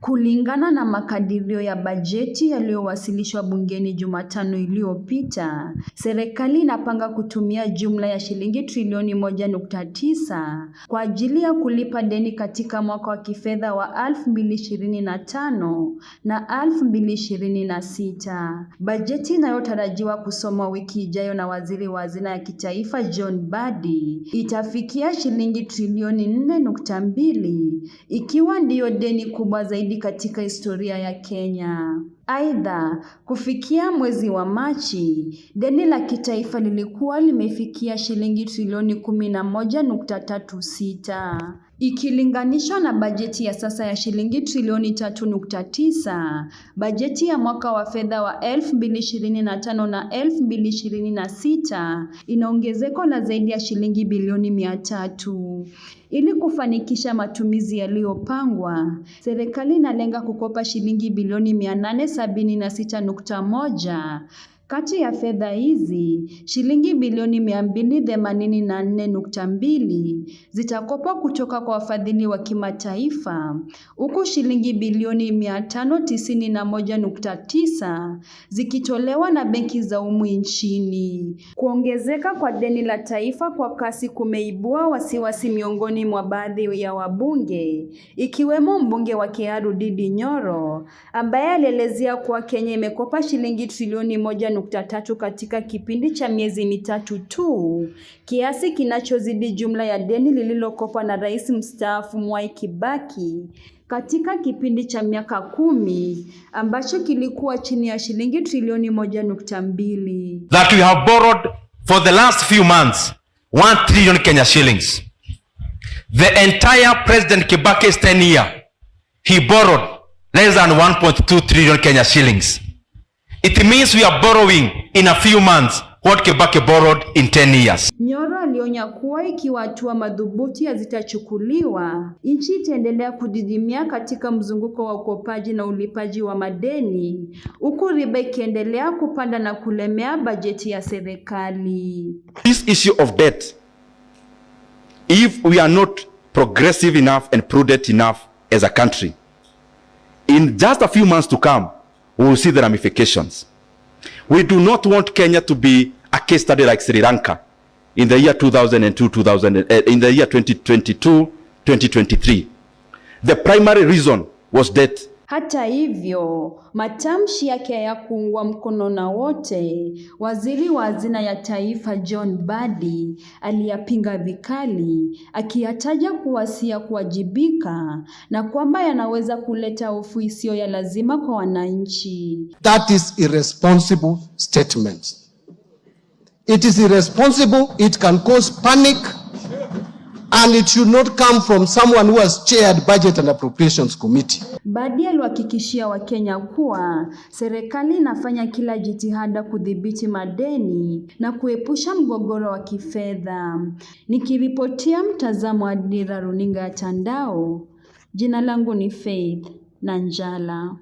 Kulingana na makadirio ya bajeti yaliyowasilishwa bungeni Jumatano iliyopita, serikali inapanga kutumia jumla ya shilingi trilioni 1.9 kwa ajili ya kulipa deni katika mwaka wa kifedha wa 2025 na 2026, bajeti inayotarajiwa kusomwa wiki ijayo na Waziri wa Hazina ya Kitaifa John Badi itafikia shilingi trilioni 4.2 ikiwa ndiyo deni kubwa zaidi zaidi katika historia ya Kenya. Aidha, kufikia mwezi wa Machi, deni la kitaifa lilikuwa limefikia shilingi trilioni 11.36 ikilinganishwa na bajeti ya sasa ya shilingi trilioni 3.9. Bajeti ya mwaka wa fedha wa 2025 na 2026 ina ongezeko la zaidi ya shilingi bilioni 300. Ili kufanikisha matumizi yaliyopangwa, serikali inalenga kukopa shilingi bilioni 800 sabini na sita nukta moja. Kati ya fedha hizi, shilingi bilioni 284.2 zitakopwa kutoka kwa wafadhili wa kimataifa, huku shilingi bilioni 591.9 zikitolewa na benki za umu nchini. Kuongezeka kwa deni la taifa kwa kasi kumeibua wasiwasi miongoni mwa baadhi ya wabunge, ikiwemo mbunge wa kiaru Didi Nyoro ambaye alielezea kuwa Kenya imekopa shilingi trilioni moja nukta tatu katika kipindi cha miezi mitatu tu, kiasi kinachozidi jumla ya deni lililokopwa na Rais mstaafu Mwai Kibaki katika kipindi cha miaka kumi ambacho kilikuwa chini ya shilingi trilioni moja nukta mbili that we have borrowed for the last few months 1 trillion Kenya shillings the entire President Kibaki's tenure he borrowed less than 1.2 trillion Kenya shillings It means we are borrowing in a few months what Kibaki borrowed in 10 years. Nyoro alionya kuwa ikiwa hatua madhubuti hazitachukuliwa, nchi itaendelea kudidimia katika mzunguko wa ukopaji na ulipaji wa madeni, huku riba ikiendelea kupanda na kulemea bajeti ya serikali. This issue of debt, if we are not progressive enough and prudent enough as a country, in just a few months to come we will see the ramifications. We do not want Kenya to be a case study like Sri Lanka in the year 2002, 2000, uh, in the year 2022, 2023. The primary reason was debt. Hata hivyo, matamshi yake kuungwa mkono na wote. Waziri wa Hazina ya Taifa John badi aliyapinga vikali, akiyataja kuwa si ya kuwajibika na kwamba yanaweza kuleta hofu isiyo ya lazima kwa wananchi. That is irresponsible statement. It is irresponsible, it can cause panic and it should not come from someone who has chaired budget and appropriations committee. Badi aliwahakikishia Wakenya kuwa serikali inafanya kila jitihada kudhibiti madeni na kuepusha mgogoro wa kifedha. Nikiripotia mtazamo wa Dira Runinga ya Tandao, jina langu ni Faith Nanjala.